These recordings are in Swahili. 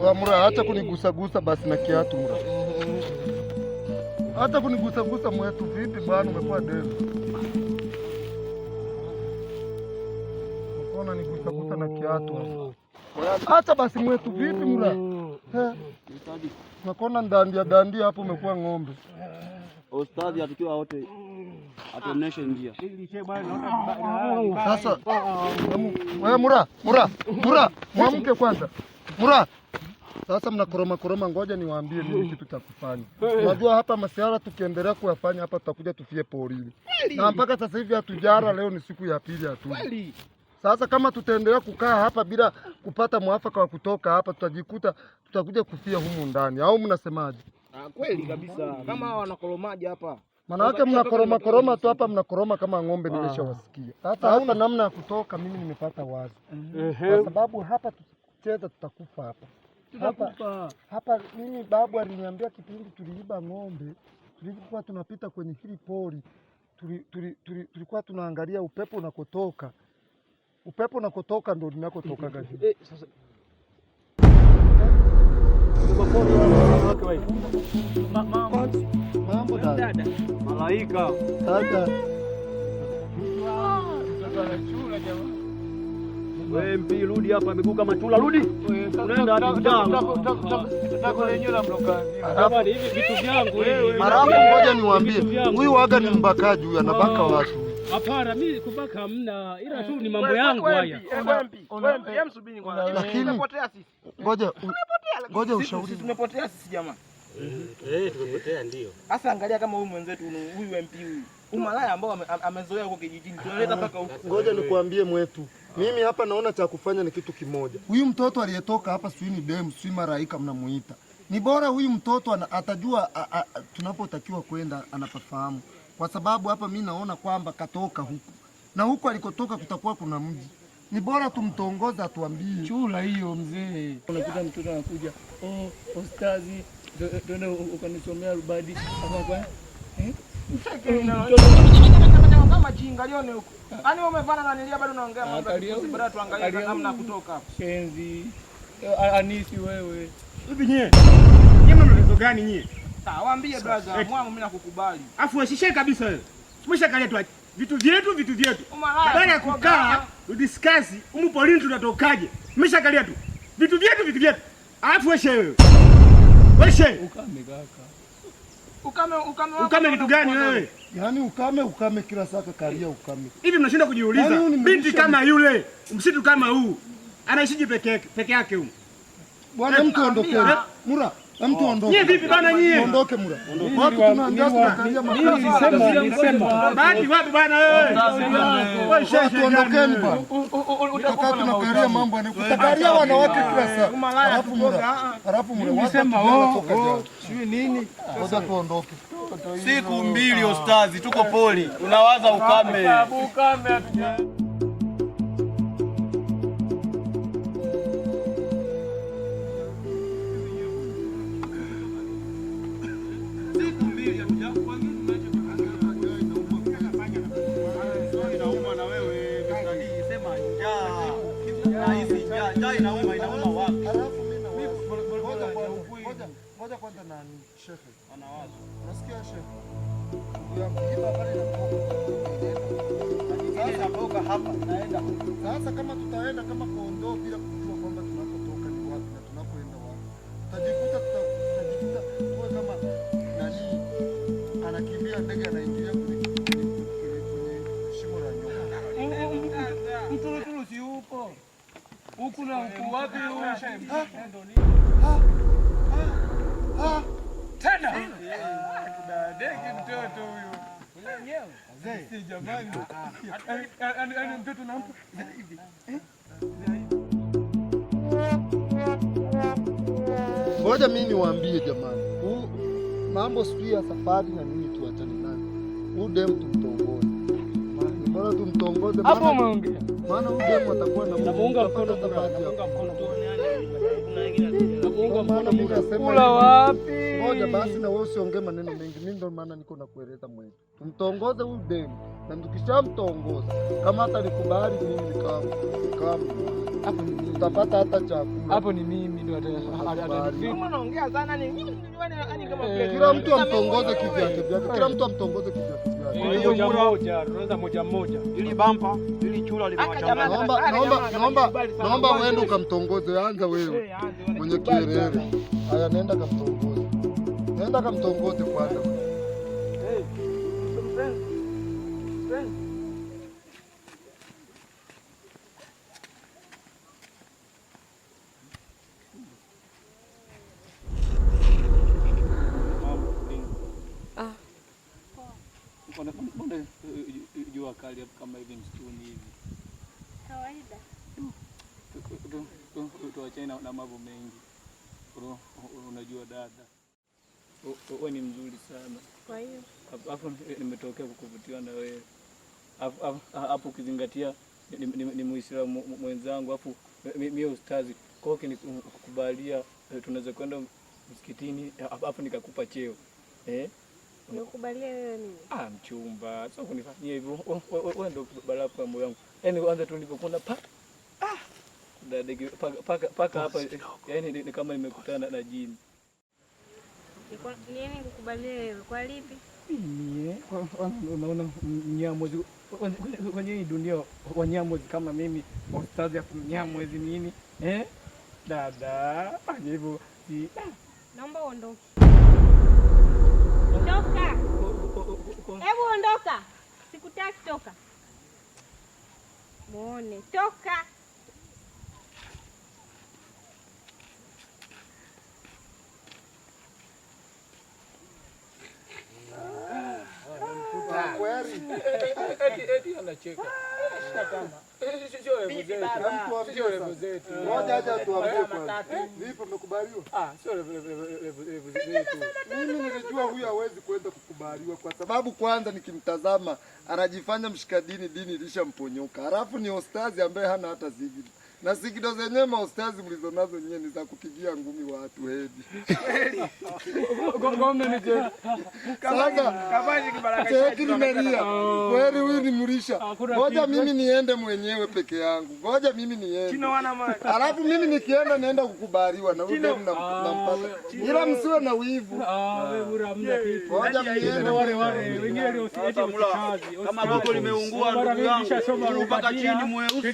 Mura, hata kunigusagusa basi na kiatu mura, hata kunigusagusa mwetu. Vipi bwana, umekuwa demu? Ukona nigusagusa na kiatu hata basi mwetu. Vipi mura, nakona ndandia dandia hapo, umekuwa ng'ombe. Ustadhi atukiwa wote atuoneshe njia sasa. mura, mura, mura, mwamke kwanza mura sasa mnakoroma koroma, ngoja niwaambie nini kitu cha kufanya. Unajua hapa masiara tukiendelea kuyafanya hapa tutakuja tufie porini, na mpaka sasa hivi hatujara. Leo ni siku ya pili hatu sasa kama tutaendelea kukaa hapa bila kupata mwafaka wa kutoka hapa, tutajikuta tutakuja kufia humu ndani, au mnasemaje? Ah, kweli kabisa, kama wanakoromaji hapa Manawake mnakoroma koroma tu hapa, mnakoroma kama ng'ombe. Nimeshawasikia ah. sasa, hauna namna ya kutoka. Mimi nimepata wazo, kwa sababu hapa tukicheza tutakufa hapa hapa, hapa mimi babu aliniambia kipindi tuliiba ng'ombe, tulikuwa tunapita kwenye hili pori, tulikuwa tunaangalia upepo unakotoka, upepo unakotoka ndio linakotokaga eh, eh, eh, mambo malaika wewe mpi, rudi hapa, miguu kama chula, rudi. Unaenda hadi mtaa. Hivi vitu vyangu wewe. Marafu, ngoja niwaambie. Huyu waga ni mbakaji huyu, anabaka watu. Hapana, mimi kubaka hamna, ila tu ni eh, mambo yangu haya. Lakini ngoja ngoja ushauri. Tumepotea sisi jamaa. Eh, eh, tumepotea ndio. Sasa angalia kama huyu mwenzetu huyu MP huyu. Umalaya ambao amezoea huko kijijini. Tunaleta ah, paka huko. Ngoja nikuambie mwetu mimi hapa naona cha kufanya ni kitu kimoja. Huyu mtoto aliyetoka hapa sijui ni demu, sijui maraika mnamuita. Ni bora huyu mtoto ana, atajua tunapotakiwa kwenda anapafahamu, kwa sababu hapa mi naona kwamba katoka huku na huku alikotoka kutakuwa kuna mji. Ni bora tumtongoza, atuambie chula hiyo. Mzee, unakuta mtoto anakuja, oh, ostazi, twende ukanisomea rubadi. Eh? Mm. Machinga lione huko. Yaani umevana na nilia bado unaongea mambo ya tuangalie namna kutoka hapo. Shenzi. Eh, Anisi wewe. Hivi nyie. Nyie mnaelezo gani nyie? Sawa, waambie brother, eh. mwamu mimi nakukubali. Afu washishie kabisa wewe. Tumesha kalia tu vitu vyetu vitu vyetu. Badala ya kukaa udiscuss umu polini tunatokaje? Tumesha kalia tu. Vitu vyetu vitu vyetu. Alafu weshe wewe. weshe Ukame kaka. Ukame ukame ukame kitu gani wewe? Yaani ukame ukame kila saka kalia ukame. Hivi mnashinda kujiuliza. Yani, binti kama yule, msitu kama huu. Anaishije peke peke yake huko? Bwana eh, mtu ondokeni. Mura, mtu oh. ondoke. Nyie vipi bana nyie? Ondoke mura. Watu tunaangaza tunakalia Bahati wapi bana wewe? Wewe tunakalia mambo wanawake kila saa. mura. mura. Oh, oh, nini. tuondoke. Siku mbili ostazi tuko poli. Unawaza ukame. Ukame. njaa inauma, inauma wapi? Ngoja kwanza na shehe. Anawaza. Unasikia shehe? Sasa kama tutaenda kama kondoo bila Huku na huku wapi huyu? Tena. Dege mtoto huyu. jamani. Yaani, yaani, yaani mtoto nampa zaidi. Ngoja mimi niwaambie jamani. Mambo siku ya safari na nini tuachane nani, huu demu tumtongoze. Bora tumtongoze. Hapo umeongea maana Mungu atakuwa na Mungu mkono kula wapi? Ngoja basi, na wewe usiongee maneno mengi. Mimi ndio maana niko nakueleza mwenyewe, tumtongoze huyu demu, na tukishamtongoza kama hata nikubali mimi nikawa utapata hata chakula hapo. Ni mimi ndio eh, kila mtu amtongoze kivyake kila mtu amtongoze kivyake. Naomba uende ukamtongoze, anza wewe mwenye kielele. Haya, nenda kamtongoze, nenda kamtongoze kwanza. safari kama hivi msituni hivi kawaida. Mm. Tuachane na mambo mengi, unajua dada, wewe ni mzuri sana. Kwa hiyo hapo nimetokea kukuvutiwa na wewe, hapo ukizingatia ni Muislamu mwenzangu, afu mimi ustazi kwao, ukinikubalia um, eh, tunaweza kwenda msikitini hapo nikakupa cheo eh? Nikubalie wewe nini? Ah, mchumba, sio kunifanyia hivyo. Wewe ndio bala kwa moyo wangu. Yaani kwanza tu nilipokuona pa ah dada paka paka hapa eh, yaani ni kama nimekutana na jini. Nini yaani nikubalie wewe? Kwa lipi? Eh, unaona mnyamwezi kwenye hii dunia wanyamwezi kama mimi ustazi ya kumnyamwezi nini? Eh? Dada, hivyo. Ah. Naomba uondoke. Ondoka, hebu ondoka, sikutaki. Toka muone, toka. eti anacheka. Mimi nilijua huyu hawezi kwenda kukubaliwa kwa sababu kwanza, nikimtazama anajifanya mshikadini dini, ilishamponyoka, halafu ni ostazi ambaye hana hata zigi na sikido zenyewe maustazi mlizo nazo nyewe ni za kupigia ngumi watu hedi. Kilimelia ah. kweli, huyu ni mrisha. Ah, ngoja mimi niende mwenyewe peke yangu, ngoja mimi niende, alafu mimi nikienda naenda kukubaliwa na huyu dem ah. ila msiwe na wivu. Ngoja mniende wale wale wengine kama limeungua ndugu yangu, mpaka chini mweusi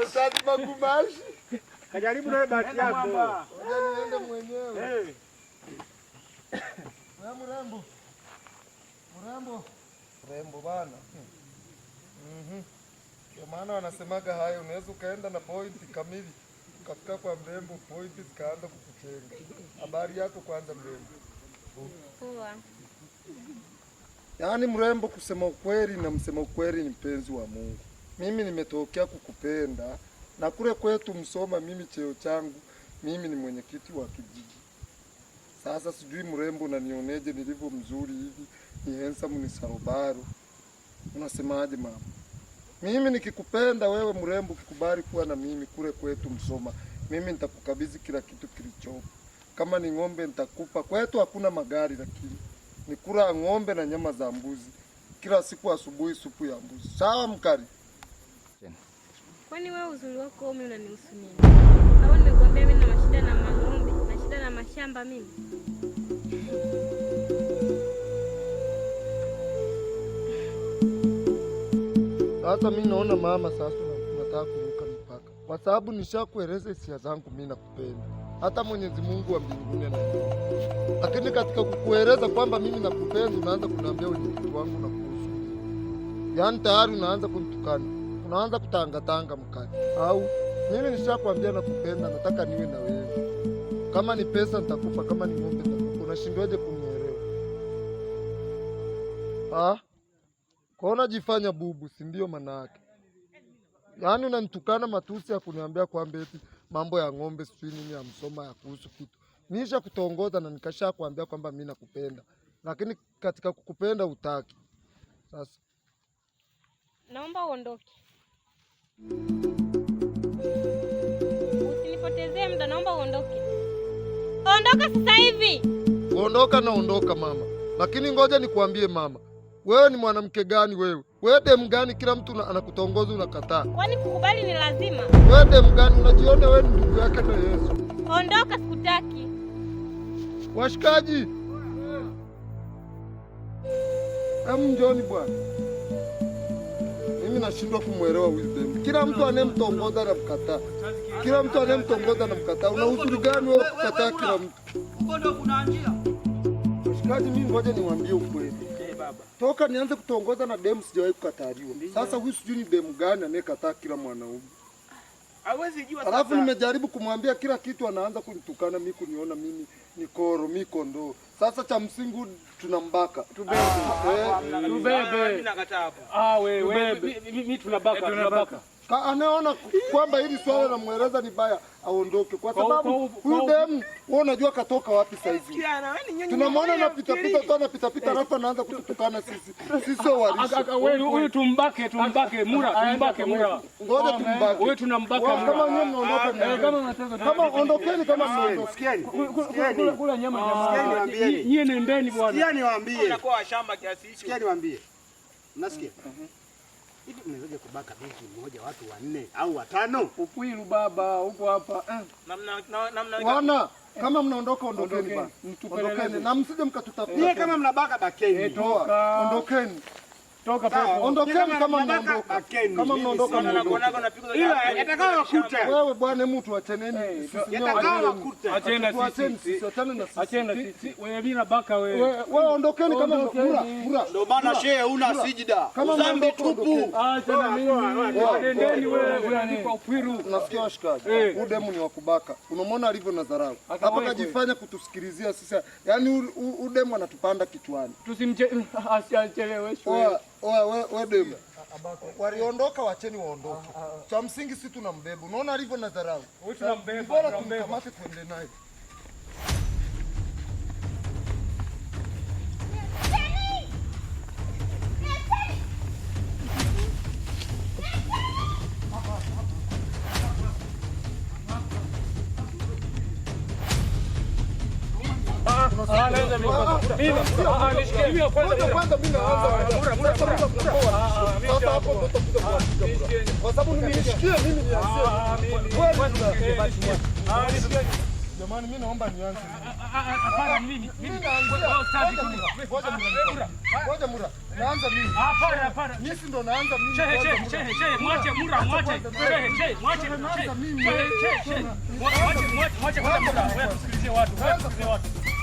Osadi Magumashi. Kajaribu na bahati yako. mwenyewe. Eh. Wewe mrembo. Mrembo. Mrembo bana. Mhm. Kwa maana wanasemaga hayo unaweza ukaenda na pointi kamili. Ukafika kwa mrembo pointi zikaanza kukuchenga. Habari yako kwanza mrembo. Poa. Yaani mrembo kusema ukweli na msema ukweli ni mpenzi wa Mungu mimi nimetokea kukupenda na kule kwetu Msoma, mimi cheo changu mimi ni mwenyekiti wa kijiji. Sasa sijui mrembo, nanioneje nilivyo mzuri hivi, ni handsome, ni sarobaro, unasemaje mama? Mimi nikikupenda wewe mrembo, ukikubali kuwa na mimi kule kwetu Msoma, mimi nitakukabidhi kila kitu kilichopo. Kama ni ng'ombe nitakupa, kwetu hakuna magari, lakini nikula ng'ombe na nyama za mbuzi kila siku asubuhi, supu ya mbuzi. Sawa mkari? Kwani wewe uzuri wako mimi unanihusu nini? Au nimekuambia mimi na mashida na mang'ombe na shida na mashamba mimi? Sasa mimi naona mama, sasa nataka kuruka mpaka, kwa sababu nishakueleza hisia zangu, mimi nakupenda, hata Mwenyezi Mungu wa mbinguni anajua. Lakini katika kukueleza kwamba mimi nakupenda, unaanza kuniambia wewe wangu na kuhusu, yaani tayari unaanza kunitukana unaanza kutangatanga mkali. Au mimi nishakwambia nakupenda, nataka niwe na wewe. Kama ni pesa nitakupa, kama ni ng'ombe nitakupa. Unashindwaje kunielewa? Ah, kwa unajifanya bubu, si ndio? Maana yake yaani unanitukana matusi ya kuniambia kwamba eti mambo ya ng'ombe sijui nini ya msoma ya kuhusu kitu. Nisha kutongoza na nikasha kuambia kwamba mimi nakupenda, lakini katika kukupenda utaki. Sasa naomba uondoke. naomba uondoke. Ondoka sasa hivi. Ondoka na ondoka mama, lakini ngoja nikuambie mama, wewe ni mwanamke gani wewe? Wewe demu gani? Kila mtu anakutongoza unakataa. Kwani kukubali ni lazima? Wewe demu gani? Unajiona wewe ni ndugu yake na Yesu. Ondoka, sikutaki. Washikaji, hem, njoni bwana mimi nashindwa kumwelewa Wisdom. Kila mtu anemtongoza na mkataa, kila mtu anemtongoza na mkataa. Una uzuri gani wewe kukataa kila mtu? Mshikaji, mimi ngoja niwaambie ukweli, eh, toka nianze kutongoza na demu sijawahi kukataliwa. Sasa huyu sijui ni demu gani anayekataa kila mwanaume hawezi jua. Alafu nimejaribu kumwambia kila kitu, anaanza kunitukana mimi, kuniona mimi ni koro, mimi kondoo. Sasa cha msingi tunambaka, ah, tubebe ah, ah, eh? tubebe. Mimi nakataa hapo. Ah wewe, mimi tunabaka eh, tunabaka anaona kwamba hili swala namweleza ni baya aondoke, kwa sababu huyu demu wewe unajua katoka wapi saizi. Tunamwona anapita pita tu anapita pita, alafu anaanza kututukana sisi sisi sio walisho. Huyu tumbake, tumbake mura, tumbake mura, ngoja tumbake. Wewe tunambaka mura. Kama nyinyi mnaondoka, eh, kama mnataka, kama ondokeni, kama mnaondoka. Kula kula nyama ah, nyama, sikieni niambie, Yeye nendeni bwana. sikieni niwaambie. Unakuwa shamba kiasi hicho. sikieni niwaambie. Nasikia. Mhm. Hivi mnawezaje kubaka binti mmoja watu wanne au watano? Ukwilu baba huko hapa eh. wana kama mnaondoka ondokeni basi. Ondokeni na msije mkatutafuta. Kama mnabaka bakeni. Eh, ondokeni toka pale, ondokeni kama mnaondoka, kama mnaondoka mnaondoka, ila yatakayokuta wewe bwana mtu ateneni, yatakayokuta eh, atenda sisi, atenda sisi, wewe bila baka wewe, wewe ondokeni kama mura mura. Ndio maana shehe una sijida dhambi tupu, acha mimi nendeni. Wewe unaandikwa upwiru, nasikia washikaji, eh. huu demu ni wakubaka. Unamwona alivyo na dharau hapa, kajifanya kutusikilizia sisi, yaani udemu anatupanda kichwani, tusimcheleweshe Wedem wariondoka, wacheni waondoke. Cha msingi si tunambeba. Unaona alivyo na dharau, mbona tumkamate tuende naye? Jamani, mimi naomba nianze. Hapana, mimi mimi ngoja Mura. Naanza mimi. Hapana, hapana. Mimi si ndo naanza mimi. Chehe chehe chehe chehe, mwache Mura, mwache. Chehe chehe, mwache. Mwache mwache mwache Mura. Wewe tusikilizie watu. Wewe tusikilizie watu.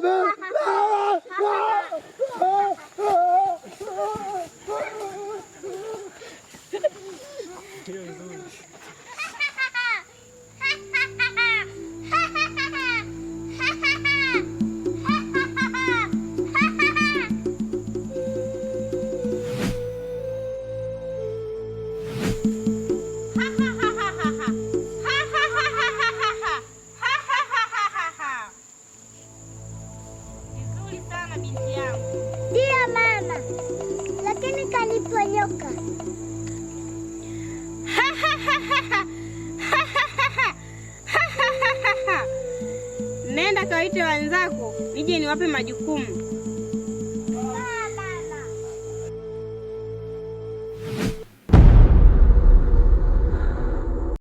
那边。tuwape majukumu